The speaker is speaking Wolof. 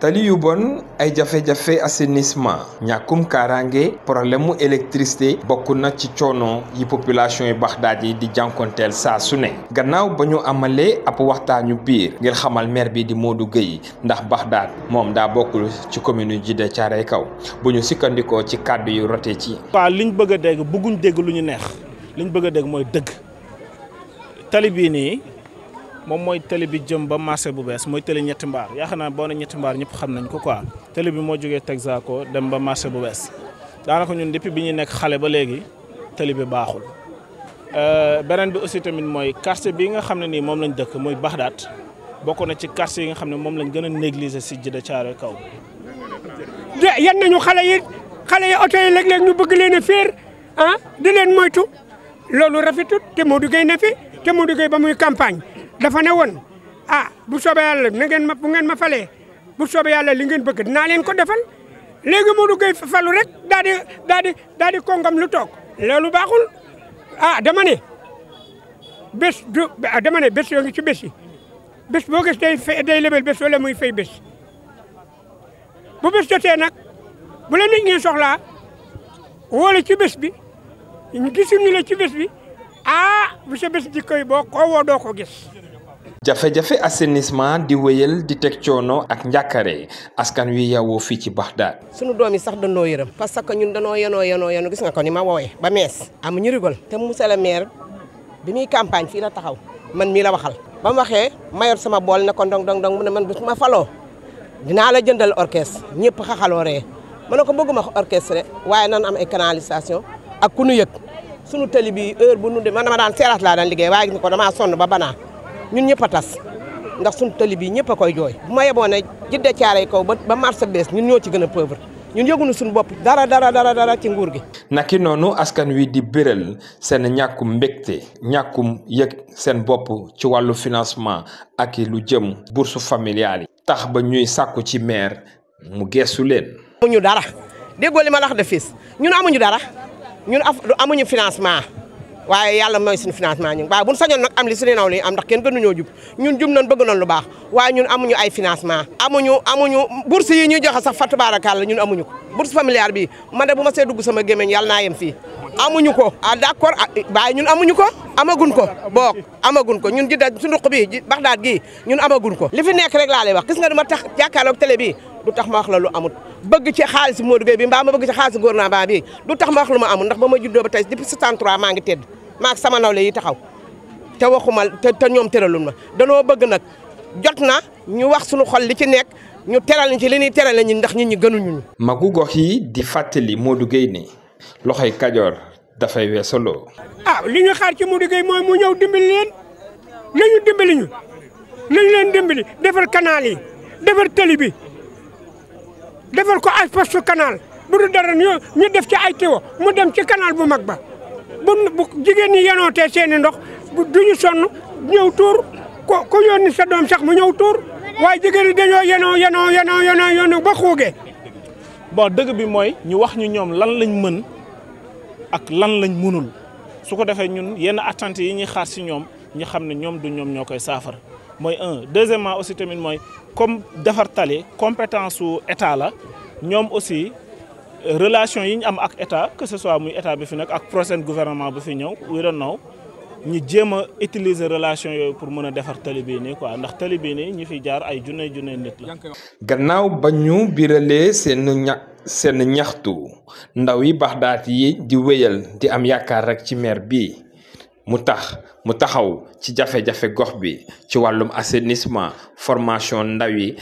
tali yu bon ay jafe-jafe assainissement ñàkkum kaaraange problème mu électricité bokk na ci coono yi population yi Baxdaad yi di jànkonteel saa su ne gannaaw ba ñu amalee ab waxtaanu biir ngir xamal maire bi di Modou Gueye ndax Baxdaad moom daa bokkul ci commune yu Djiddah Thiaroye Kaw bu ñu sukkandikoo ci kàddu yu rote ci. waaw liñ bëgg a dégg bëgguñ dégg lu ñu neex liñ bëgg a dégg mooy dëgg tali bii nii. moom mooy tëli bi jëm ba marché bu bees mooy tëli ñetti mbaar yaakaar naa boo ne ñetti mbaar ñëpp xam nañ ko quoi tëli bi moo jógee Texaco dem ba marché bu bees daanaka ñun depuis bi ñu nekk xale ba léegi tëli bi baaxul. Euh, beneen bi aussi tamit mooy quartier bi nga xam ne nii moom lañ dëkk muy Baxdaat bokk na ci quartier yi nga xam ne moom lañ gën a négliger si Djida Thiaroye Kaw. yan nañu xale yi xale yi oto yi léeg-léeg ñu bëgg leen a féer ah di leen moytu loolu rafetut te Modou Gueye na fi te Modou Gueye ba muy campagne. dafa ne woon a ah, bu soobee yàlla na bu ngeen ma falee bu soobee yàlla li ngeen bëgg dinaa leen ko defal léegi Modou Gueye falu rek daal di daal di daal di kongam lu toog loolu baaxul a ah, damane ne bés du ah, dama ne bés yoo ngi ci bés yi bés boo gis day day lebel bés wala muy fay bés bu bés jotee nag bu la nit ñi soxlaa woo ci bés bi gisuñu la ci bés bi ah monsieur bés jikko yi boo ko gis. jafe-jafe assainissement di weyel di tek ciono ak njàkkare askan wi yawo fi ci bahdad sunu domi sax da no yeuram parce que ñun no yano yano yano gis nga ko ni ma wowe ba mes am ñu rigol te monsieur le maire bi muy campagne fi la taxaw man mi la waxal ba waxé mayor sama bol ne ko dong dong dong mu ne man bu ma falo dina la jëndal orchestre ñepp xaxaloo ree ma ko bëgguma orchestre waaye nan am ay canalisation ak ku nu yëg sunu tali bi heure bu nu de man dama daan seeraat laa daan liggéey waaye gis nga ko damaa sonn ba banaa ñun ñëpp a tas ndax sunu tali bi ñëpp a koy jooy bu ma yeboone jidde caaray kaw ba marché bees ñun ñoo ci gën a pauvre ñun yëgunu suñu bopp dara dara dara dara ci nguur gi naki noonu askan wi di béral seen ñàkkum mbégte ñàkkum yëg seen bopp ci wàllu financement ak lu jëm bourse familiale yi tax ba ñuy sàkku ci maire mu geesu leen amuñu dara déggoo li ma la de dara ñun af amuñu financement waaye yàlla mooy suñu financement ñun waaye bu sa sañoon nag am li suñu naw li am ndax kenn gënuñoo jub ñun jub nañ bëgg nañ lu baax waaye ñun amuñu ay financement amuñu amuñu bourse yi ñuy joxe sax fatu baarakaal la ñun amuñu ko bourse familiale bi man de bu ma see dugg sama gémmiñ yàlla naa yem fii amuñu ko ah d'accord ah, waaye ñun amuñu ko amagun ko book amagun ko ñun jidda su nduq bi baxdaat gi ñun amagun ko li fi nekk rek laa lay wax gis nga du ma tax jàkkaarloog télé bi du tax ma wax la lu amut bëgg ci xaalis Modou Gueye bi mbaa ma bëgg ci xaalis gouvernement bi du tax ma wax lu ma amul ndax ba ma juddoo ba tey depuis 63 maa ngi tedd maa sama nawle yi taxaw te waxuma te te ñoom tëralun ma danoo bëgg nag jot na ñu wax sunu xol li ci nekk ñu teral ci li ñuy teral ñi ndax nit ñi gënuñu ñu. magu gox di fàttali Modou Gueye ne loxoy kajoor dafay weesaloo. ah li ñu xaar ci Modou Gueye mooy mu ñëw dimbali leen nañu dimbali ñu nañu leen dimbali defar canal yi defar tëli bi defar ko ay poste canal bu du dara ñu def ci ay tiwo mu dem ci canal bu mag ba bu bu jigéen ñi yenootee seeni i ndox duñu sonn ñëw tuur ko ko yónni sa doom sax mu ñëw tuur waaye jigéen ñi dañoo yenoo yenoo yenoo yenoo yenoo ba xuugee bon deug bi moy ñu wax ñu ñom lan lañ mën ak lan lañ mënul su ko defee ñun yenn attente yi ñi xaar ci ñom ñi xamné ñom du ñom ñokay safar moy 1 deuxièmement aussi tamit moy comme défar talé compétence état la ñom aussi euh, relation yi ñu am ak état que ce soit muy état bi fi nak ak prochain gouvernement bu fi ñew we don't know ñu jéem a utiliser relation yooyu pour mën a defar tali bii nii quoi ndax tali bii nii ñu fi jaar ay junne junne nit la. gannaaw ba ñu biralee seen ña seen ñaxtu ndaw yi baxdaat yi di wéyal di am yaakaar rek ci maire bi mu tax mu taxaw ci jafe-jafe gox bi ci wàllum assainissement formation ndaw yi.